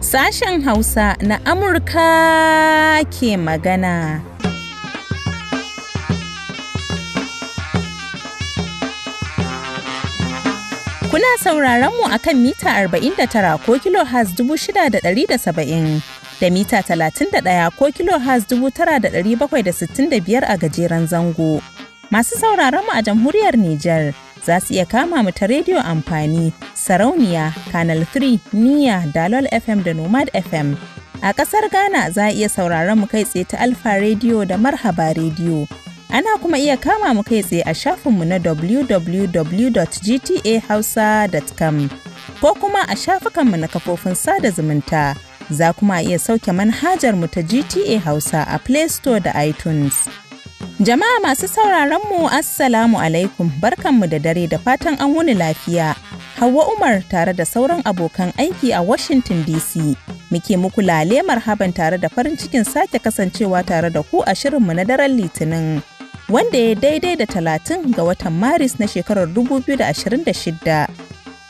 Sashen Hausa na Amurka ke magana. Kuna sauraron mu a kan mita 49 ko kilohertz 6,770 da mita 31 ko kilo has 9,765 a gajeren zango. Masu sauraron mu a jamhuriyar Nijar. za su iya kama mu ta rediyo amfani sarauniya canal 3 niya dalol fm da nomad fm a ƙasar ghana za a iya sauraron mu kai tsaye ta alfa rediyo da marhaba rediyo ana kuma iya kama mu kai tsaye a shafinmu na www.gtahausa.com ko kuma a shafukanmu na kafofin sada zumunta za kuma iya sauke manhajar mu ta gta hausa a play store da itunes Jama'a masu sauraron mu Assalamu alaikum barkanmu da dare da fatan an wuni lafiya. Hauwa Umar tare da sauran abokan aiki a Washington DC. Muke muku lale haban tare da farin cikin sake kasancewa tare da ku a shirinmu na daren Litinin. Wanda ya daidai da talatin ga watan Maris na shekarar 2026.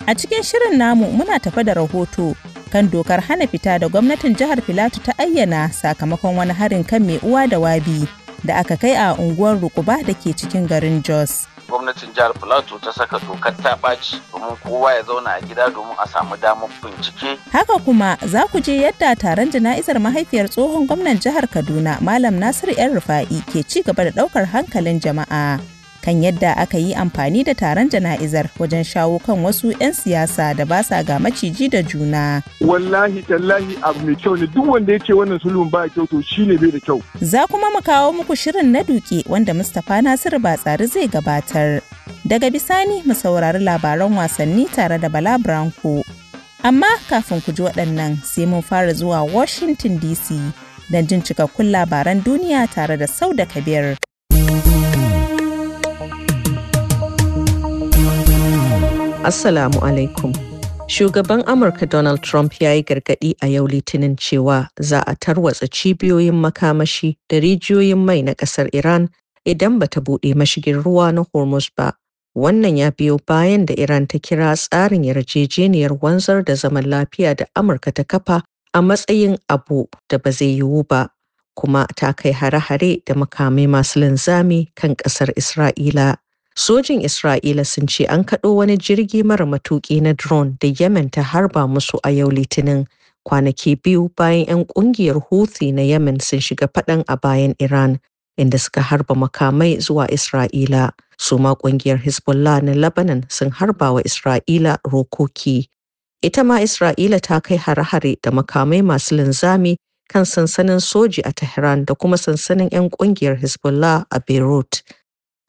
A cikin shirin namu muna tafa da rahoto kan dokar hana fita da gwamnatin jihar Filatu ta ayyana sakamakon wani harin kan mai uwa da wabi. da aka kai a unguwar Rukuba da ke cikin garin Jos. gwamnatin jihar Filato ta saka dokar ta ɓaci domin kowa ya zauna a gida domin a samu damar bincike. Haka kuma za ku je yadda taron jana'izar mahaifiyar tsohon gwamnan jihar Kaduna Malam Nasiru 'yan Rufa'i ke ci gaba da ɗaukar hankalin jama'a. kan yadda aka yi amfani da taron jana'izar wajen shawo kan wasu 'yan siyasa da ba sa ga maciji da juna. Wallahi tallahi abu mai kyau ne duk wanda ya ce wannan sulhun ba kyau to shi ne bai da kyau. Za kuma mu kawo muku shirin na duke wanda Mustapha Nasiru Batsari zai gabatar. Daga bisani mu saurari labaran wasanni tare da Bala Branko. Amma kafin ku ji waɗannan sai mun fara zuwa Washington DC don jin cikakkun labaran duniya tare da Sauda Kabir. Assalamu alaikum. Shugaban Amurka Donald Trump ya yi gargaɗi a yau Litinin cewa za a tarwatsa cibiyoyin makamashi da rijiyoyin mai na ƙasar Iran idan ba ta buɗe mashigin ruwa na Hormuz ba. Wannan ya biyo bayan da Iran ta kira tsarin yarjejeniyar wanzar da zaman lafiya da Amurka ta kafa a matsayin abu da ba zai yiwu ba, kuma ta kai hare-hare da makamai masu linzami kan ƙasar Isra'ila. Sojin Isra'ila sun ce an kaɗo wani jirgi mara matuƙi na drone da Yemen ta harba musu a yau Litinin kwanaki biyu bayan 'yan ƙungiyar Houthi na Yemen sun shiga faɗan a bayan Iran inda suka harba makamai zuwa Isra'ila. Su ma ƙungiyar Hezbollah na Lebanon sun harba wa Isra'ila rokoki. Ita ma Isra'ila ta kai hare-hare da makamai masu linzami kan sansanin soji a Tehran da kuma sansanin 'yan ƙungiyar Hezbollah a Beirut.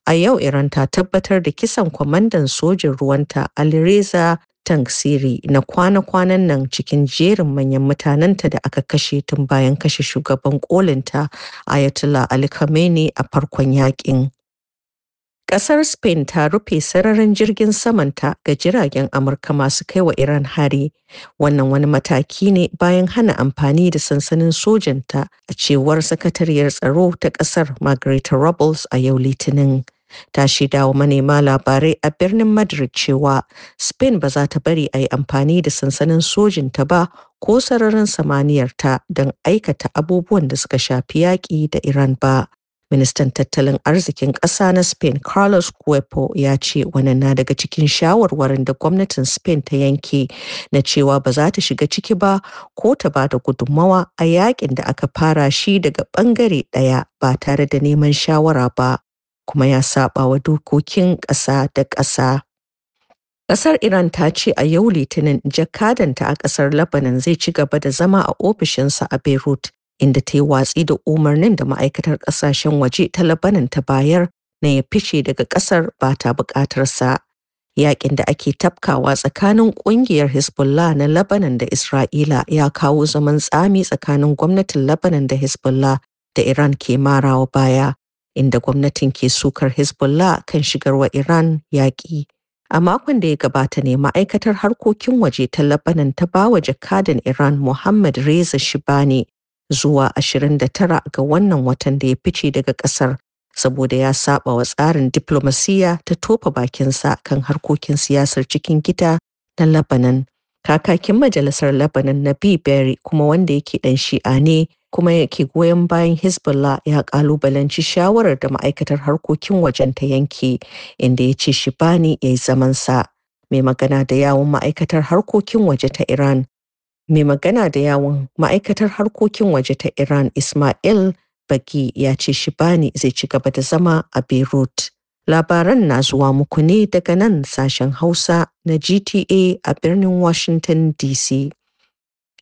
A yau Iran ta tabbatar da kisan kwamandan sojin ruwanta Alireza Tangsiri na kwana-kwanan nan cikin jerin manyan mutanenta da aka kashe tun bayan kashe shugaban kolinta Ayatollah Ali Khamenei a farkon yakin. Ƙasar Spain ta rufe sararin jirgin samanta ga jiragen Amurka masu kai wa Iran hari. Wannan wani mataki ne bayan hana amfani da sansanin sojanta a cewar sakatariyar tsaro ta ƙasar Margarita Robles a yau Litinin. ta shaida wa manema labarai a birnin madrid cewa spain ba za ta bari a yi amfani da sansanin sojin ta ba ko sararin samaniyarta don aikata abubuwan da suka shafi yaƙi da iran ba ministan tattalin arzikin ƙasa na spain carlos cuepo ya ce wannan na daga cikin shawarwarin da gwamnatin spain ta yanke na cewa ba za ta shiga ciki ba ko ta ba da gudummawa a yakin da aka fara shi daga bangare ɗaya ba tare da neman shawara ba kuma ya saba wa dokokin ƙasa da ƙasa. Ƙasar Iran ta ce a yau Litinin jakadanta a ƙasar Lebanon zai ci gaba da zama a ofishinsa a Beirut, inda ta yi watsi da umarnin da ma'aikatar ƙasashen waje ta Lebanon ta bayar na ya fice daga ƙasar ba ta buƙatarsa. Yaƙin da ake tafkawa tsakanin ƙungiyar Hezbollah na Lebanon da Isra'ila ya kawo zaman tsami tsakanin gwamnatin Lebanon da Hezbollah da Iran ke marawa baya. inda gwamnatin ke sukar Hezbollah kan shigarwa Iran yaƙi. A makon da ya gabata ne ma'aikatar harkokin waje ta Labanan ta ba bawa jakadan Iran Muhammad Reza Shibani zuwa 29 ga wannan watan da ya fice daga ƙasar saboda ya saba wa tsarin diplomasiya ta tofa bakinsa kan harkokin siyasar cikin gida na Labanan. kakakin majalisar Lebanon na B. Berry kuma wanda yake ɗan shi'a ne kuma yake goyon bayan Hezbollah ya kalubalanci shawarar da ma'aikatar harkokin wajen ta yanke inda ya ce Shibani ya yi zamansa. Mai magana da yawun ma'aikatar harkokin waje ta Iran. Mai magana da yawun ma'aikatar harkokin waje ta Iran Ismail Baki ya ce shi Shibani zai ci gaba da zama a Beirut. Labaran na zuwa muku ne daga nan sashen Hausa na GTA a birnin Washington DC.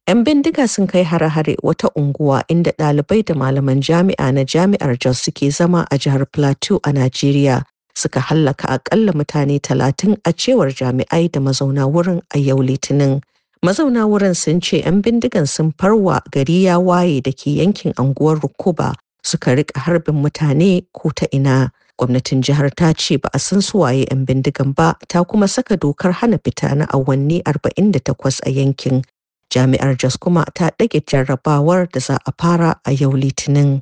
'Yan bindiga sun kai hare-hare wata unguwa inda ɗalibai da malaman jami'a na jami'ar Jos suke zama a jihar Plateau a Najeriya suka hallaka aƙalla mutane talatin a cewar jami'ai da mazauna wurin a yau litinin. Mazauna wurin sun ce 'yan bindigan sun farwa gari ya waye da ke yankin anguwar Rukuba suka riƙa harbin mutane ko ta ina. gwamnatin jihar ta ce ba a san su waye 'yan bindigan ba ta kuma saka dokar hana fita na awanni 48 a yankin jami'ar jos kuma ta ɗage jarrabawar da za a fara a yau litinin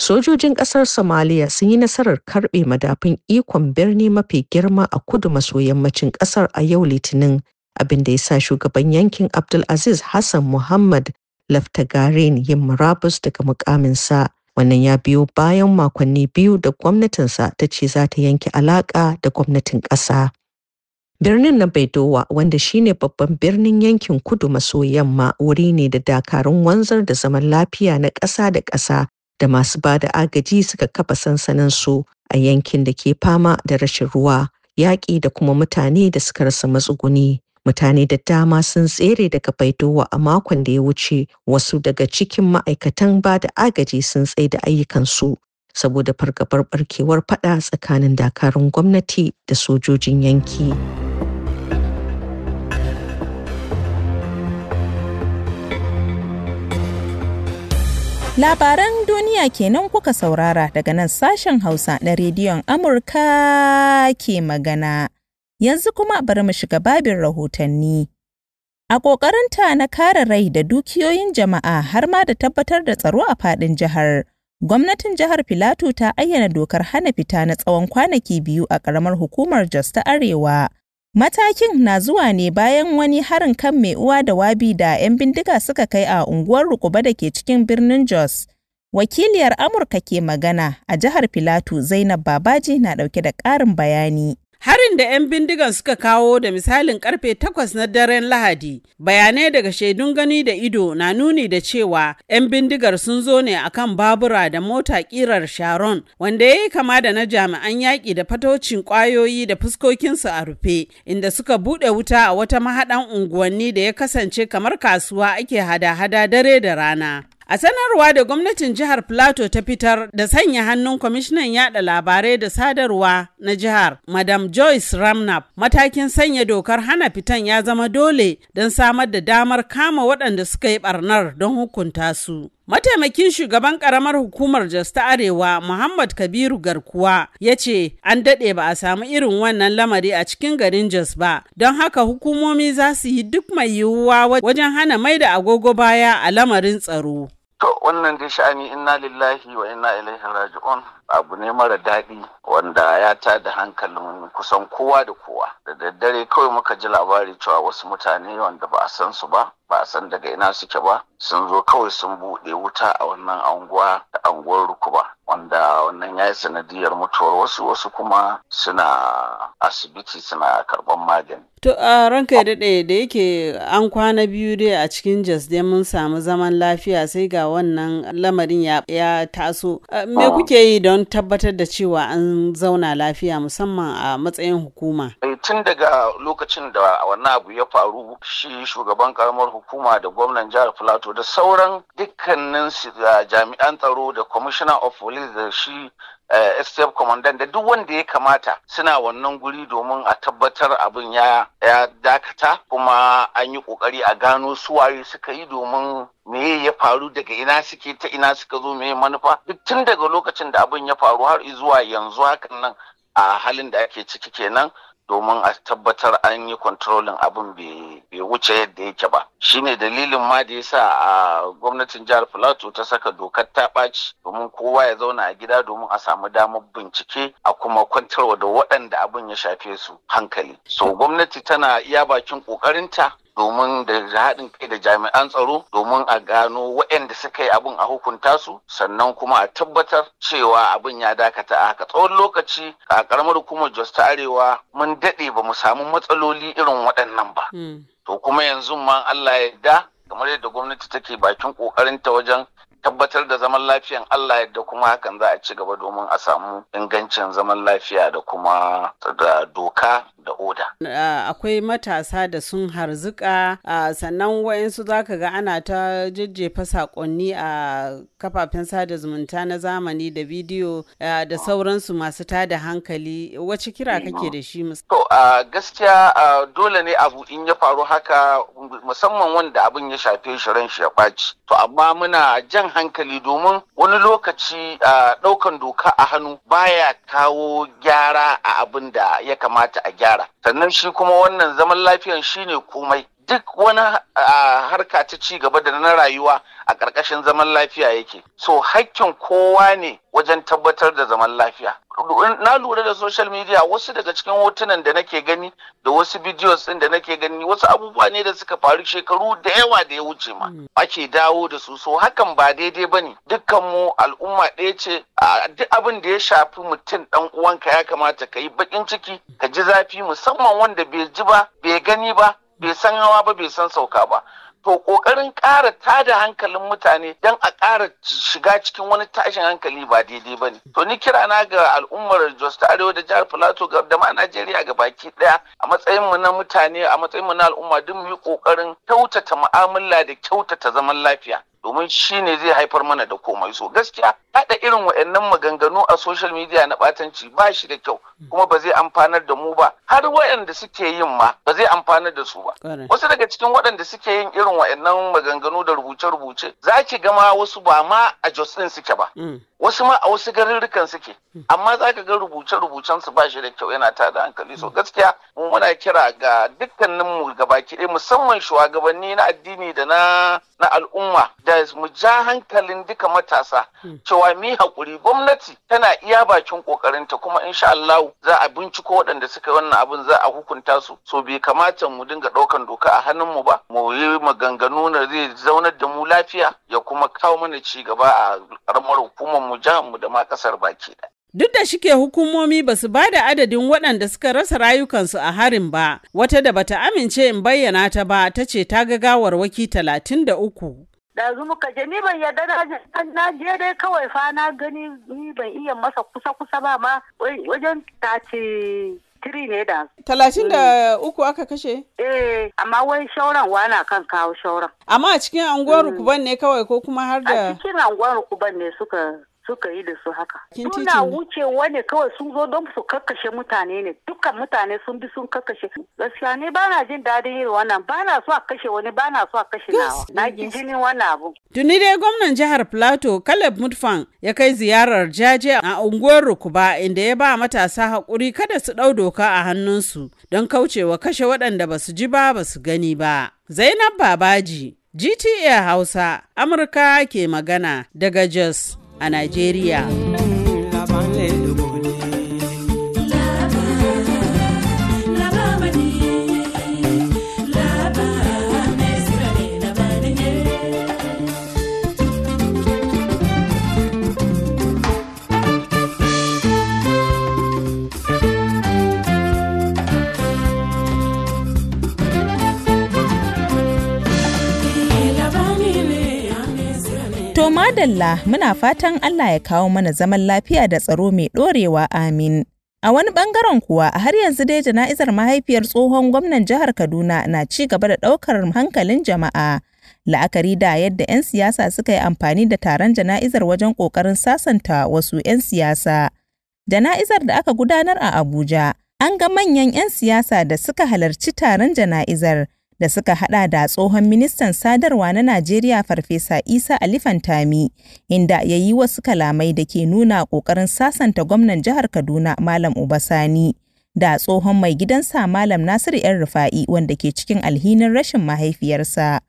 sojojin ƙasar somaliya sun yi nasarar karɓe madafin ikon birni mafi girma a kudu maso yammacin ƙasar a yau litinin abin da ya sa shugaban yankin abdulaziz hassan muhammad laftagarin yin murabus daga mukaminsa Wannan ya biyo bayan makonni biyu da gwamnatinsa ta ce za ta yanke alaƙa da gwamnatin ƙasa. Birnin na Baidowa wanda shi ne babban birnin yankin kudu maso yamma wuri ne da dakarun wanzar da zaman lafiya na ƙasa da ƙasa da masu ba da agaji suka kafa sansaninsu a yankin da ke fama da rashin ruwa, yaƙi da kuma mutane da suka rasa matsuguni. Mutane da dama sun tsere daga Baidowa a makon da ya wuce, wasu daga cikin ma'aikatan ba da agaji sun tsaye da ayyukansu saboda fargabar barkewar fada tsakanin dakarun gwamnati da sojojin yanki. Labaran duniya kenan kuka saurara daga nan sashen Hausa na rediyon Amurka ke magana Yanzu kuma bari mu shiga babin rahotanni. A ƙoƙarinta na kare rai da dukiyoyin jama'a har ma da tabbatar da tsaro a faɗin jihar. Gwamnatin jihar Filato ta ayyana dokar hana fita na tsawon kwanaki biyu a ƙaramar hukumar Jos ta Arewa. Matakin na zuwa ne bayan wani harin kan mai uwa da wabi da 'yan bindiga suka kai a unguwar Rukuba da ke cikin birnin Jos. Wakiliyar Amurka ke magana a jihar Filato Zainab Babaji na ɗauke da ƙarin bayani. Harin da 'yan bindigan suka kawo da misalin karfe takwas na daren Lahadi, bayanai daga shaidun gani da ido na nuni da cewa 'yan bindigar sun zo ne akan babura da mota kirar Sharon, wanda ya yi kama da na jami'an yaƙi da fatocin ƙwayoyi da fuskokinsu a rufe, inda suka buɗe wuta a wata mahaɗan unguwanni da ya kasance kamar kasuwa ake hada-hada dare da rana. A sanarwa da gwamnatin jihar Plateau ta fitar da sanya hannun kwamishinan yada labarai da sadarwa na jihar, Madam Joyce Ramnap, matakin sanya dokar hana fitan ya zama dole don samar da damar kama waɗanda suka yi ɓarnar don hukunta su. Mataimakin shugaban karamar hukumar Jos ta Arewa Muhammad Kabiru Garkuwa ya ce an daɗe ba a samu irin wannan lamari a cikin garin Jos ba, don haka hukumomi za su yi duk mai yiwuwa wajen hana mai da agogo baya a lamarin tsaro. To wannan dai sha'ani inna lillahi wa inna ilaihi raji'un abu ne mara daɗi wanda ya ta da hankalin kusan kowa da kowa da daddare kawai muka ji labari cewa wasu mutane wanda ba a san su ba ba a san daga ina suke ba sun zo kawai sun buɗe wuta a wannan anguwa da anguwar rukuba wanda wannan ya yi sanadiyar mutuwar wasu wasu kuma suna asibiti suna karban magani. To a ranka ya daɗe da yake an kwana biyu dai a cikin jas dai mun samu zaman lafiya sai ga wannan lamarin ya taso. Me ah. kuke yi don tabbatar da cewa an zauna lafiya musamman a matsayin hukuma? Eh, tun daga lokacin da wannan abu ya faru shi shugaban karamar hukuma hukuma da gwamnan jihar Filato da sauran dukkanin uh, jami'an tsaro da commissioner of police da shi uh, STF commandant da duk wanda ya kamata suna wannan guri domin a tabbatar abin ya dakata kuma an yi kokari a gano suwaye suka yi domin me ya faru daga ina suke ta ina suka zo me manufa duk tun daga lokacin da abin ya faru har zuwa yanzu hakan nan a halin da ake ciki kenan domin a tabbatar an yi kontrolin abin bai wuce yadda yake ba shine dalilin ma da ya sa a gwamnatin jihar filato ta saka dokar ta ɓaci domin kowa ya zauna a gida domin a samu damar bincike a kuma kwantarwa da waɗanda abin ya shafe su hankali so gwamnati tana iya bakin ƙoƙarinta domin da haɗin kai da jami'an tsaro domin a gano waɗanda suka yi abin a hukunta su sannan kuma a tabbatar cewa abin ya dakata a haka tsawon lokaci a ƙaramar hukumar jos ta arewa mun daɗe ba mu samu matsaloli irin waɗannan ba hmm. to kuma yanzu ma Allah ya da kamar yadda gwamnati take bakin ƙoƙarinta wajen tabbatar da zaman lafiyan Allah yadda kuma hakan za a ci gaba domin a samu ingancin zaman lafiya da kuma da doka da oda. Akwai matasa da sun harzuka sannan wa'insu za ka ga ana ta jajjefa saƙonni a kafafen sada zumunta na zamani da bidiyo da sauransu masu ta da hankali wace kira mm. kake da shi To gaskiya dole ne abu in ya faru haka musamman wanda abin ya shafe shi ran shi ya ɓaci. To amma muna jan hankali domin wani lokaci a ɗaukan doka a hannu baya kawo gyara a abin da ya kamata a gyara sannan shi kuma wannan zaman lafiyan shine komai duk wani harka ta ci gaba da na rayuwa a ƙarƙashin zaman lafiya yake so hakkin kowa ne wajen tabbatar da zaman lafiya na lura da social media wasu daga cikin hotunan da nake gani da wasu videos ɗin da nake gani wasu abubuwa ne da suka faru shekaru da yawa da ya wuce ma hmm. ake dawo da su so hakan ba daidai ba ne dukkan mu al'umma ɗaya ce duk abin da ya shafi mutum ɗan uwanka ya kamata ka yi baƙin ciki ka ji zafi musamman wanda bai ji ba bai gani ba bai san hawa ba bai san sauka ba to ƙoƙarin ƙara tada hankalin mutane don a ƙara shiga cikin wani tashin hankali ba daidai ba ne to ni kira na ga al'ummar jos ta arewa da jihar filato da ma najeriya ga baki ɗaya a matsayin mu na mutane a matsayin mu na al'umma duk mu yi kokarin kyautata mu'amala da kyautata zaman lafiya domin shi ne zai haifar mana da komai so gaskiya haɗa irin waɗannan maganganu a social media na ɓatanci ba shi da kyau kuma ba zai amfanar da mu ba har waɗanda suke yin ma ba zai amfanar da su ba wasu daga cikin waɗanda suke yin irin waɗannan maganganu da rubuce-rubuce za ki gama wasu ba ma a Jos ɗin suke ba mm. wasu ma a wasu garurrukan suke mm. amma za ka ga rubuce-rubucen su ba shi da kyau yana tada hankali so mm. gaskiya mu muna kira ga dukkanin mu gabaki ɗaya musamman shugabanni na addini da na na al'umma da mu ja hankalin duka matasa cewa mi hakuri gwamnati tana iya bakin kokarinta kuma insha Allah za a binciko waɗanda suka wannan abin za a hukunta su so bai kamata mu dinga ɗaukan doka a hannun mu ba mu yi maganganu na zai zaunar da mu lafiya ya kuma kawo mana ci gaba a ƙaramar hukumar mu jihar mu da ma ƙasar baki Duk da shike hukumomi ba su ba da adadin waɗanda suka rasa rayukansu a harin ba, wata da bata amince in bayyana ta ba ta ce ta ga waki talatin da uku. ɗazu muka je ni ban yarda na je dai kawai fa na gani ni ban iya masa kusa kusa ba ma wajen tace tiri ne da. Talatin da hmm. uku aka kashe? Eh, amma wai shauran wana kan kawo shauran. Amma a cikin anguwar rukuban hmm. ne kawai ko kuma har da? A cikin anguwar rukuban ne suka suka yi da su haka. Suna wucewa ne kawai sun zo don su kakkashe mutane ne dukkan mutane sun bi sun kakkashe. Gaskiya ne ba jin daɗin yin wannan ba na so a kashe wani ba na so a kashe nawa. Na jinin wani abu. Tuni dai gwamnan jihar Plateau Caleb Mutfan ya kai ziyarar jaje a unguwar Rukuba inda ya ba matasa haƙuri kada su ɗau doka a hannunsu don kaucewa kashe waɗanda ba su ji ba ba su gani ba. Zainab Babaji, GTA Hausa, Amurka ke magana daga Jos. a Najeriya. To madalla muna fatan Allah ya kawo mana zaman lafiya da tsaro mai ɗorewa amin. A wani bangaren kuwa har yanzu dai jana'izar mahaifiyar tsohon gwamnan jihar Kaduna na ci gaba da ɗaukar hankalin jama'a. La'akari da yadda 'yan siyasa suka yi amfani da taron jana'izar wajen ƙoƙarin sasanta wasu 'yan siyasa. Jana'izar da aka gudanar a Abuja, an ga manyan 'yan siyasa da suka halarci taron jana'izar. da suka hada da tsohon ministan sadarwa na Najeriya Farfesa Isa Alifantami inda ya yi wasu kalamai da ke nuna ƙoƙarin sasanta gwamnan jihar Kaduna Malam Ubasani da tsohon mai gidansa Malam Nasiru 'yan Rufa'i wanda ke cikin alhinin rashin mahaifiyarsa.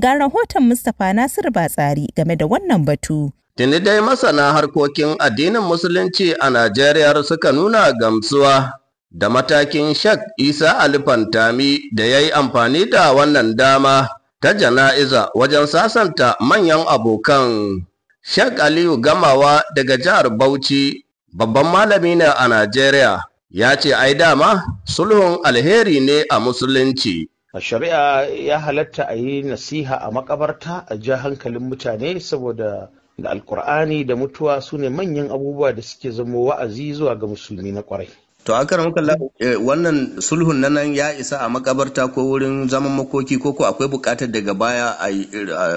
Ga rahoton Mustapha Nasiru Batsari game da wannan batu. Tuni dai masana harkokin addinin Musulunci a Najeriya suka nuna gamsuwa da matakin Shak Isa Alifantami da ya yi amfani da wannan dama ta jana'iza wajen sasanta manyan abokan. Shak Aliyu Gamawa daga jihar Bauchi babban malami ne a Najeriya ya ce ai dama sulhun alheri ne a musulunci. shari'a ya halatta a yi nasiha a makabarta a ja hankalin mutane saboda da alkur'ani da mutuwa su ne manyan abubuwa da suke zamo wa'azi zuwa ga musulmi na kwarai. To akar muka eh, wannan sulhun na nan ya isa a makabarta ko wurin zaman makoki ko ko akwai bukatar daga baya a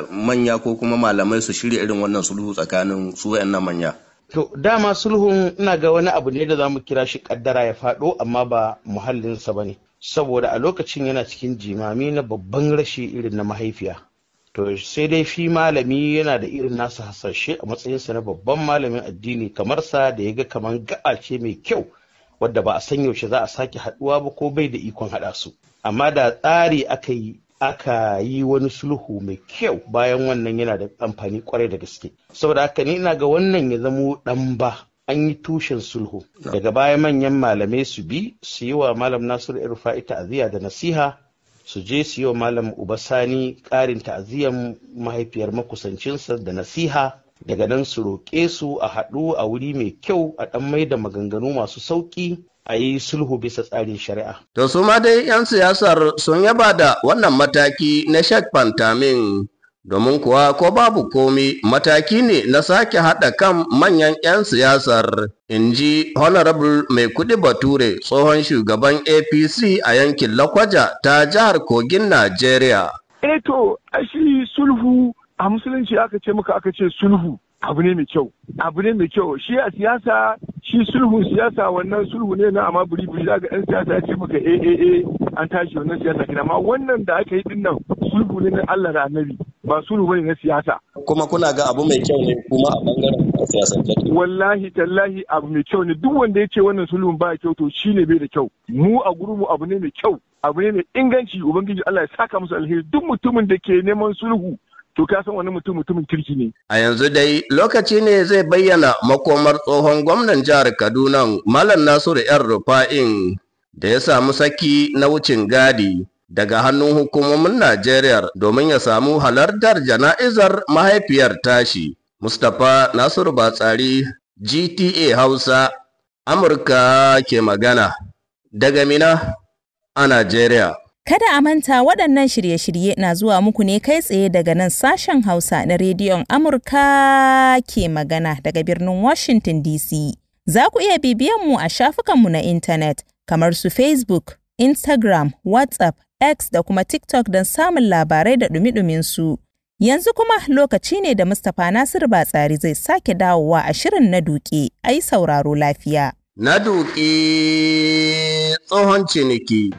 manya ko kuma malamai su shirya irin wannan sulhu tsakanin su na manya. To dama sulhun ina ga wani abu ne da za mu kira shi kaddara ya faɗo amma ba muhallinsa ba ne. Saboda a lokacin yana cikin jimami na babban rashi irin na mahaifiya. To sai dai fi malami yana da irin nasa hasashe a matsayinsa na babban malamin addini kamar sa da ya ga kamar ga'a ce mai kyau. wadda ba a san yaushe za a sake haɗuwa ba ko bai da ikon haɗa su amma da tsari aka yi aka yi wani sulhu mai kyau bayan wannan yana da amfani kwarai da gaske saboda haka ni ina ga wannan ya zamo dan ba an yi tushen sulhu daga baya manyan malamai su bi su yi wa malam nasiru irfa'i ta'aziyya da nasiha su je su yi wa malam ubasani ƙarin ta'aziyyar mahaifiyar makusancinsa da nasiha daga nan su roƙe su a haɗu a wuri mai kyau a ɗan mai da maganganu masu sauƙi a yi sulhu bisa tsarin shari'a. To su ma dai 'yan siyasar sun yaba da wannan mataki na Sheikh Pantamin domin kuwa ko babu komi mataki ne na sake haɗa kan manyan 'yan siyasar in ji honorable mai kudi bature tsohon shugaban apc a yankin lakwaja ta jihar kogin najeriya eto eh ashi sulhu a musulunci aka ce muka aka ce sulhu abu ne mai kyau abu ne mai kyau shi a siyasa shi sulhu siyasa wannan sulhu ne na amma buri buri daga ɗan siyasa ce muka eh eh eh an tashi wannan siyasa kina amma wannan da aka yi dinnan sulhu ne na Allah da Annabi ba sulhu bane na siyasa kuma kuna ga abu mai kyau ne kuma a bangaren siyasa wallahi tallahi abu mai kyau ne duk wanda ya ce wannan sulhun ba kyau to shine bai da kyau mu a mu abu ne mai kyau abu ne mai inganci ubangiji Allah ya saka musu alheri duk mutumin da ke neman sulhu to ka san wani mutum mutumin kirki ne. A yanzu dai lokaci ne zai bayyana makomar tsohon gwamnan jihar Kaduna Malam Nasiru yar Rufa'in da ya samu saki na wucin gadi daga hannun hukumomin Najeriya domin ya samu halartar jana'izar mahaifiyar tashi. Mustapha Nasiru Batsari GTA Hausa Amurka ke magana daga Mina a Najeriya. Kada a manta waɗannan shirye-shirye na zuwa muku ne kai tsaye daga nan sashen Hausa na rediyon Amurka ke magana daga birnin Washington DC. Za ku iya bibiyan mu a shafukanmu na intanet kamar su Facebook, Instagram, WhatsApp, X da kuma TikTok don samun labarai da ɗumi su. Yanzu kuma lokaci ne da Mustapha Nasiru Batsari zai sake dawowa a shirin na duke, ai sauraro lafiya. Na duke tsohon ciniki.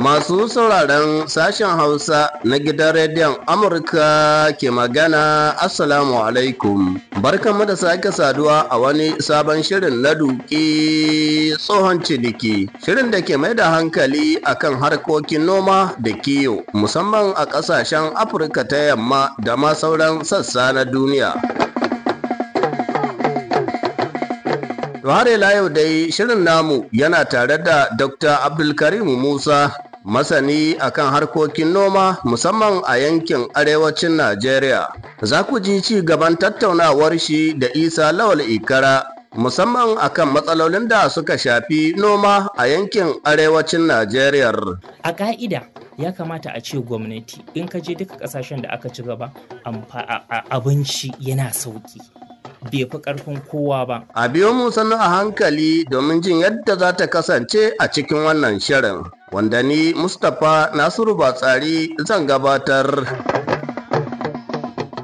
Masu sauraron sashen Hausa na gidan rediyon Amurka ke magana Assalamu alaikum. Barkanmu da sake saduwa a wani sabon shirin na duki tsohon ciniki. Shirin da ke mai da hankali akan harkokin noma da kiyo, musamman a ƙasashen Afirka ta yamma da ma sauran sassa na duniya. har ila yau dai shirin namu yana tare da Dr. Abdulkarim Musa masani akan harkokin noma musamman a yankin arewacin Najeriya. Za ku ji ci gaban tattaunawar shi da Isa Lawal Ikara musamman akan matsalolin da suka shafi noma a yankin arewacin Najeriya. A ka'ida ya kamata a ce gwamnati in ka je duka kasashen da aka ci gaba abinci yana sauki. bai fi ƙarfin kowa ba. A biyo mu sanu a hankali domin jin yadda za ta kasance a cikin wannan shirin. Wanda ni Mustapha Nasiru Batsari zan gabatar.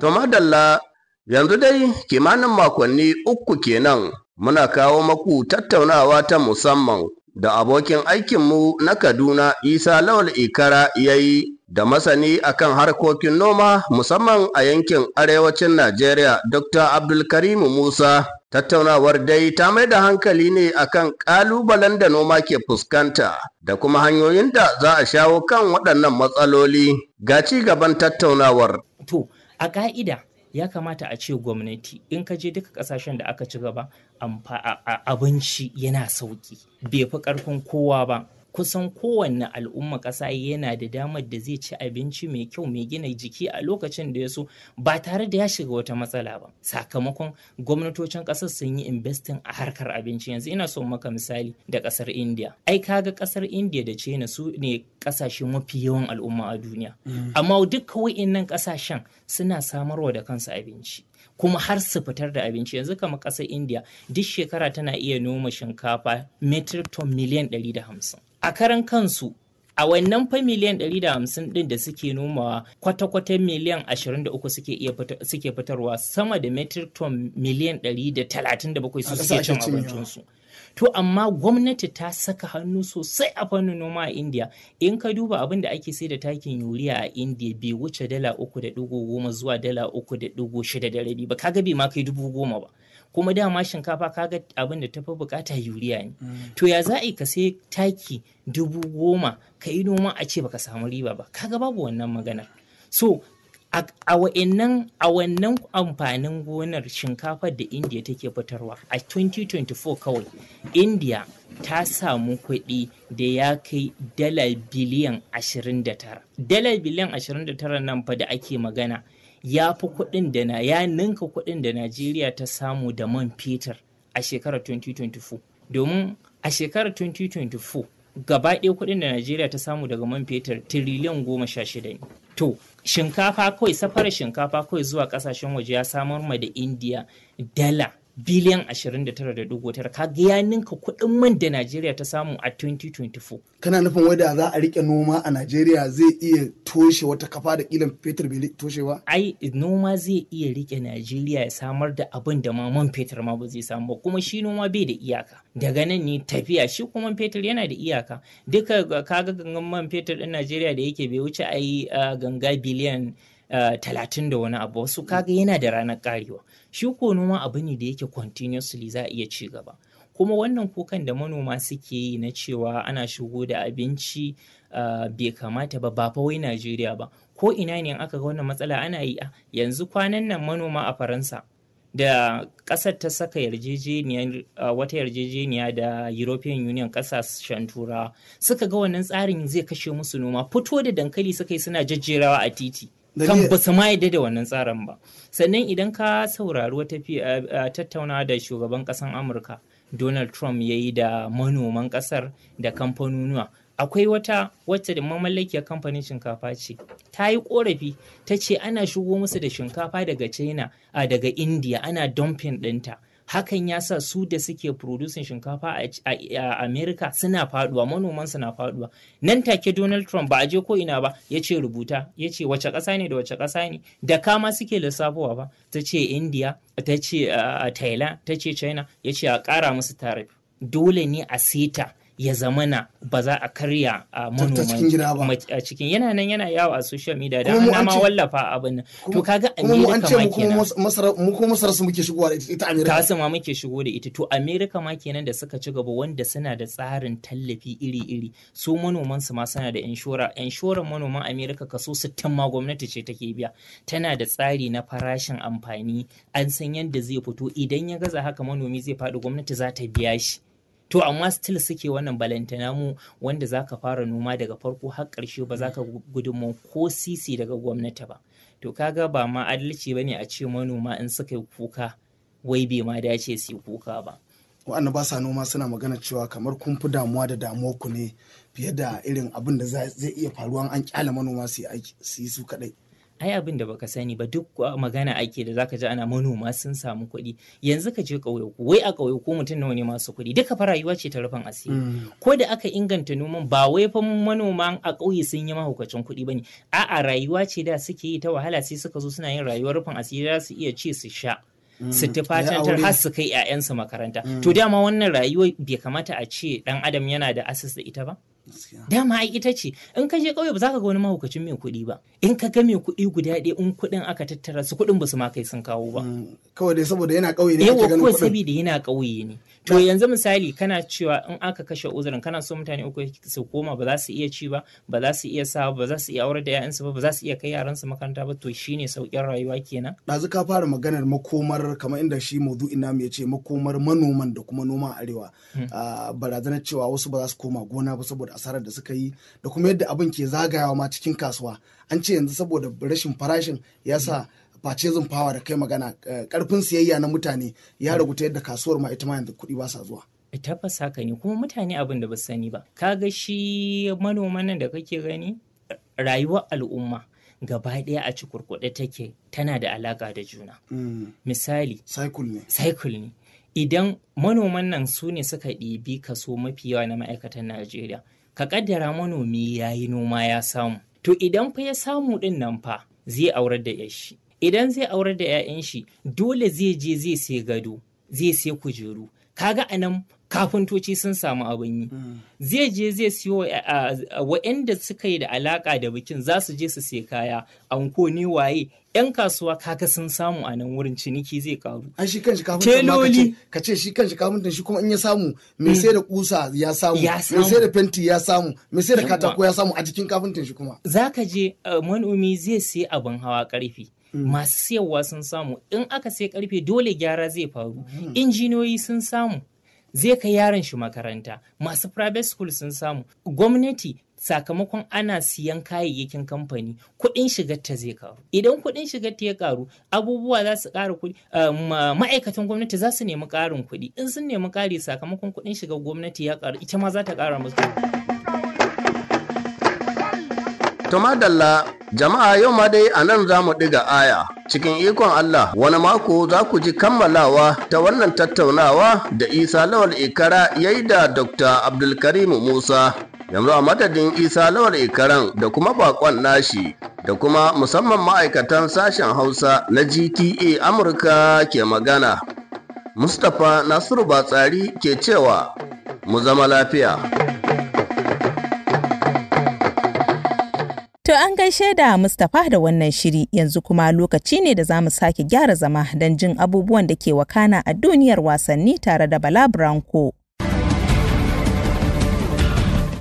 To madalla yanzu dai kimanin makonni uku kenan muna kawo maku tattaunawa ta musamman da abokin aikinmu na Kaduna Isa Lawal Ikara ya yi da masani akan harkokin noma musamman a yankin arewacin Najeriya Dr. Abdulkarimu Musa tattaunawar dai ta mai da hankali ne akan ƙalubalen da noma ke fuskanta da kuma hanyoyin da za a shawo kan waɗannan matsaloli ga ci gaban tattaunawar. To, a ƙa'ida ya kamata a ce gwamnati in ka je duka ƙasashen da aka ci gaba abinci yana sauƙi bai fi ƙarfin kowa ba kusan kowanne al'umma ƙasa yana da damar da zai ci abinci mai kyau mai gina jiki a lokacin da ya so ba tare da ya shiga wata matsala ba sakamakon gwamnatocin ƙasar sun yi investin a harkar abinci yanzu ina so maka misali da ƙasar india ai ga ƙasar india da china su ne ƙasashe mafi yawan al'umma a duniya mm. amma duk wa'innan ƙasashen suna samarwa da kansu abinci kuma har su fitar da abinci yanzu kamar ƙasar india duk shekara tana iya noma shinkafa metric ton miliyan 150 a karan kansu a wannan fa miliyan 150 din da suke nomawa kwata-kwata miliyan 23 suke iya suke fitarwa sama da metric ton miliyan 137 su suke cin abincinsu to amma gwamnati ta saka hannu sosai a fannin noma a india in ka duba abin da ake sai da takin yuriya a india bai wuce dala uku da digo goma zuwa dala uku da digo shida da rabi ba kaga bai ma kai dubu goma ba kuma dama shinkafa kaga abin da fi bukata yuriya ne mm. to ya za ka sai taki dubu goma ka yi noma a ce baka samu riba ba kaga babu wannan magana so a wa'annan a wannan amfanin gonar shinkafar da india take fitarwa a 2024 kawai india ta samu kuɗi da ya kai dala biliyan 29 dala biliyan 29 nan fa da ake magana ya fi kuɗin da na ya ninka kuɗin da Najeriya ta samu da man fetur a shekarar 2024 domin a shekarar 2024 gaba ɗaya kuɗin da Najeriya ta samu daga man fetur tiriliyan goma sha shida ne. To, shinkafa kawai safarar shinkafa kawai zuwa ƙasashen waje ya samar ma da Indiya dala biliyan 29.9 kaga ya ninka kuɗin man da Najeriya ta samu a 2024. Kana nufin wai za a rike noma a Najeriya zai iya toshe wata kafa da kilan fetur bai toshewa? Ai noma zai iya rike Najeriya ya samar da abin da ma man fetur ma ba zai samu ba kuma shi noma bai da iyaka. Daga nan ne tafiya shi kuma man fetur yana da iyaka. Duka ga gangan man fetur ɗin Najeriya da yake bai wuce a yi ganga biliyan Eh, talatin da wani abu wasu kaga yana da ranar karewa shi ko noma abu ne da yake continuously za a iya ci gaba kuma wannan kukan da manoma suke yi na cewa ana shigo da abinci eh, bai kamata ba ba wai Najeriya ba ko ina ne aka ga wannan matsala ana yi ah, yanzu kwanan nan manoma a Faransa da ƙasar ta saka eh, wata yarjejeniya da european union ƙasashen turawa suka ga wannan tsarin zai kashe musu noma fito da dankali suka yi suna jajjerawa a titi kan ba su ma da wannan tsarin ba sannan idan ka saurari wata tattauna da shugaban kasan amurka donald trump ya yi da manoman kasar da kamfanonuwa akwai wata wacce da mamallakiyar kamfanin shinkafa ce ta yi korafi ta ce ana shigo musu da shinkafa daga china a daga india ana dumping ɗinta hakan ya sa su da suke producing shinkafa a america suna faduwa manoman na faduwa nan take donald trump ba a je ko ina ba ya ce rubuta ya ce wace kasa ne da wace kasa ne da kama suke lissafowa ba ta ce india ta ce thailand ta ce china ya ce a kara musu tarif dole ne a seta ya zamana ba za a karya a manoman a cikin yana nan yana yawo a social media da an ma wallafa abin nan to kaga america ma kenan mu kuma masara su muke shigowa da ita america ta sama muke shigo da ita to america ma kenan da suka ci gaba wanda suna da tsarin tallafi iri iri su manoman su ma suna da inshora inshoran manoman america kaso 60 ma gwamnati ce take biya tana da tsari na farashin amfani an san yadda zai fito idan ya gaza haka manomi zai faɗi gwamnati za ta biya shi to amma still suke wannan balantana mu wanda zaka fara noma daga farko har karshe ba zaka gudunmu ko sisi daga gwamnati ba to kaga ba ma adalci bane a ce manoma in suka yi kuka wai bai ma dace su yi kuka ba wa'anda ba sa noma suna magana cewa kamar kun fi damuwa da damuwa ku ne fiye da irin abin da zai iya faruwa an kyala manoma su yi su kaɗai ai abin da baka sani ba duk magana ake da zaka ji ana manoma sun samu kuɗi yanzu ka je ƙauye wai a ƙauye ko mutum nawa ne masu kuɗi duka fa rayuwa ce ta rufin asiri mm. ko da aka inganta noman ba wai fa manoman a ƙauye sun yi mahaukacin kuɗi bane a'a rayuwa ce da suke yi ta wahala sai suka zo suna yin rayuwar rufin asiri za su iya ci su sha mm. su fatantar har su kai 'ya'yansu makaranta mm. to dama wannan rayuwa bai kamata a ce dan adam yana da asis da ita ba dama ai ita ce in ka je kauye ba za ka ga wani mahaukacin mai kuɗi ba in ka ga mai kuɗi guda ɗaya in kuɗin aka tattara su kuɗin ba su ma kai sun kawo ba mm, kawai dai saboda yana kauye ne kake ganin saboda yana kauye ne to yanzu misali kana cewa in aka kashe uzurin kana so mutane uku su koma ba za su iya ci ba ba za su iya sa ba za su iya aure da ƴaƴansu ba ba za su iya kai yaransu makaranta ba to shine sauƙin rayuwa kenan ɗazu ka fara maganar makomar kamar inda shi maudu'in namu ya ce makomar manoman da kuma noma arewa hmm. ah, barazanar cewa wasu ba za su koma gona ba saboda asarar da suka yi da kuma yadda abin ke zagayawa ma cikin kasuwa an ce yanzu saboda rashin farashin ya sa purchasing power da kai magana karfin eh, siyayya na mutane ya ragu ta yadda kasuwar ma ita ma yanzu kuɗi ba sa zuwa eh, tabbas haka ne kuma mutane abin da ba sani ba ka ga shi manoman nan da kake gani rayuwar al'umma gaba ɗaya a cikurkuɗe take tana da alaƙa da juna mm. misali cycle ne idan manoman nan su ne suka ɗibi kaso mafi yawa na ma'aikatan najeriya ka kaddara manomi ya yi noma ya samu to idan fa ya samu ɗin nan fa zai aurar da shi? idan zai aurar da 'ya'yan shi dole zai je zai sai gado zai sai kujeru kaga anan kafintoci sun samu abin yi hmm. zai je zai siyo wa'anda suka yi da alaka da bikin za su je su sai kaya anko ne waye yan kasuwa kaka sun samu a nan wurin ciniki zai karu an shi kanshi kafin teloli ka ce shi kanshi kafintan shi kuma in ya samu mai hmm. sai da kusa ya samu mai sai da fenti ya samu mai sai da katako ya samu a jikin kafintan shi kuma zaka je manomi zai sai abin hawa karfi hmm. masu siyarwa sun samu in aka sai karfe dole gyara zai faru injiniyoyi sun samu zai kai yaron shi makaranta masu private school sun samu gwamnati sakamakon ana siyan kayayyakin kamfani kuɗin shigar ta zai karu idan kuɗin shigar ta ya karu abubuwa za su ƙara kuɗi eh, ma'aikatan gwamnati za su nemi ƙarin kuɗi in sun nemi ƙari sakamakon kuɗin shigar gwamnati ya karu ita ma za ta ƙara musu To madalla jama'a yau ma dai a nan za mu ɗiga aya cikin ikon Allah wani mako za ku ji kammalawa ta wannan tattaunawa da Isa Lawal Ikara ya yi da Dr. Abdulkarim Musa. Yanzu a madadin Isa Lawal Ikaran da kuma bakon nashi da kuma musamman ma'aikatan sashen Hausa na GTA Amurka ke magana. Mustapha Nasiru Batsari ke cewa mu zama lafiya. To an gaishe da Mustapha da wannan shiri yanzu kuma lokaci ne da za mu sake gyara zama don jin abubuwan da ke wakana a duniyar wasanni tare da Bala Branko.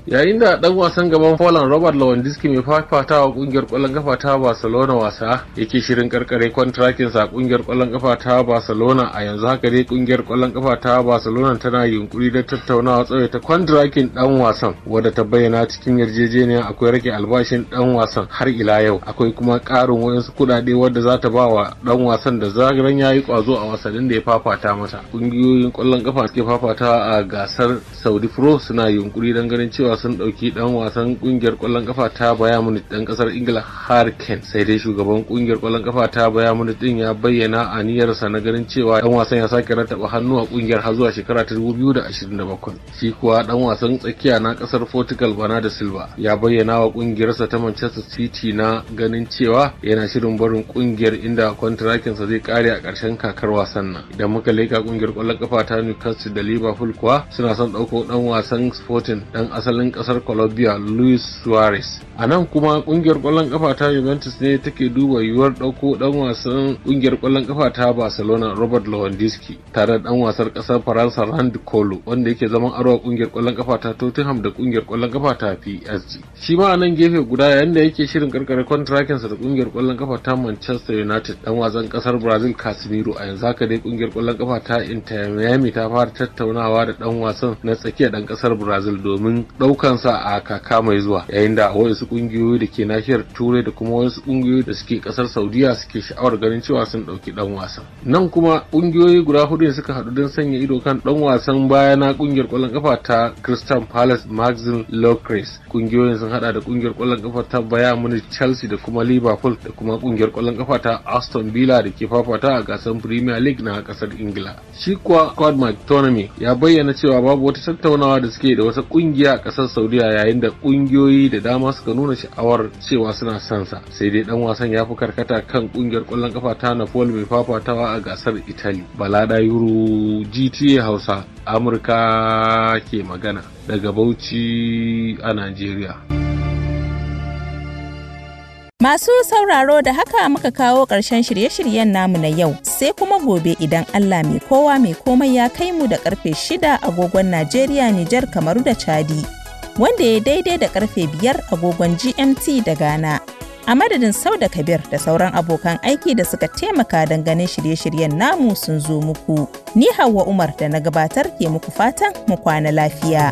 yayin da dan wasan gaban folan Robert Lewandowski mai fafatawa kungiyar kwallon kafa ta Barcelona wasa yake shirin karkare kwantrakin sa kungiyar kwallon kafa ta Barcelona a yanzu haka dai kungiyar kwallon kafa ta Barcelona tana yunkuri da tattaunawa tsaye ta kwantrakin dan wasan wadda ta bayyana cikin yarjejeniya akwai rage albashin dan wasan har ila yau akwai kuma karin wayansu kudade wadda za ta ba wa dan wasan da zagaran yi kwazo a wasannin da ya fafata mata kungiyoyin kwallon kafa suke fafata a gasar Saudi Pro suna yunkuri don ganin cewa sun ɗauki ɗan wasan ƙungiyar ƙwallon ƙafa ta Bayern mun ɗan ƙasar Ingila Harken sai dai shugaban ƙungiyar ƙwallon ƙafa ta Bayern mun ɗin ya bayyana a niyyarsa na ganin cewa ɗan wasan ya sake rattaba hannu a ƙungiyar har zuwa shekara ta 2027 shi kuwa ɗan wasan tsakiya na ƙasar Portugal Bana da Silva ya bayyana wa ƙungiyarsa ta Manchester City na ganin cewa yana shirin barin ƙungiyar inda kwantarakinsa zai kare a ƙarshen kakar wasan nan idan muka leka ƙungiyar ƙwallon ƙafa ta Newcastle da Liverpool kuwa suna son ɗauko ɗan wasan Sporting ɗan asalin ɗan ƙasar Colombia Luis Suarez. A nan kuma ƙungiyar ƙwallon ƙafa ta Juventus ne take duba yiwuwar ɗauko ɗan wasan ƙungiyar ƙwallon ƙafa ta Barcelona Robert Lewandowski tare da ɗan wasar ƙasar Faransa Rand Kolo wanda yake zaman arwa ƙungiyar ƙwallon ƙafa ta Tottenham da ƙungiyar ƙwallon ƙafa ta PSG. Shi ma a nan gefe guda yayin da yake shirin karkare sa da ƙungiyar ƙwallon ƙafa ta Manchester United ɗan wasan kasar Brazil Casemiro a yanzu haka dai ƙungiyar ƙwallon ƙafa ta Inter Miami ta fara tattaunawa da ɗan wasan na tsakiya ɗan ƙasar Brazil domin ɗauko daukansa a kaka mai zuwa yayin da wasu ƙungiyoyi da ke nahiyar turai da kuma wasu kungiyoyi da suke kasar saudiya suke sha'awar ganin cewa sun ɗauki ɗan wasan nan kuma ƙungiyoyi guda hudu ne suka haɗu don sanya ido kan ɗan wasan baya na kungiyar kwallon kafa ta Crystal Palace Maxim Locris kungiyoyin sun haɗa da kungiyar kwallon kafa ta baya Munich Chelsea da kuma Liverpool da kuma ƙungiyar kwallon kafa ta Aston Villa da ke fafata a gasar Premier League na kasar Ingila shi kuwa Quad mctonomy ya bayyana cewa babu wata tattaunawa da suke da wata kungiya a kasar saudiya yayin da kungiyoyi da dama suka nuna sha'awar cewa suna son sa sai dai dan wasan ya fi karkata kan kungiyar kwallon kafa ta napoli mai fafatawa a gasar italy balada yuro gta hausa amurka ke magana daga bauchi a nigeria Masu sauraro da haka muka kawo karshen shirye-shiryen namu na yau sai kuma gobe idan Allah mai kowa mai komai ya kai mu da karfe shida agogon Najeriya, Nijar, Kamaru da Chadi. wanda ya daidai da karfe biyar agogon GMT da Ghana. A madadin sau da Kabir da sauran abokan aiki da suka taimaka don ganin shirye-shiryen namu sun zo muku. Ni Hauwa Umar da na gabatar ke muku fatan mu kwana lafiya.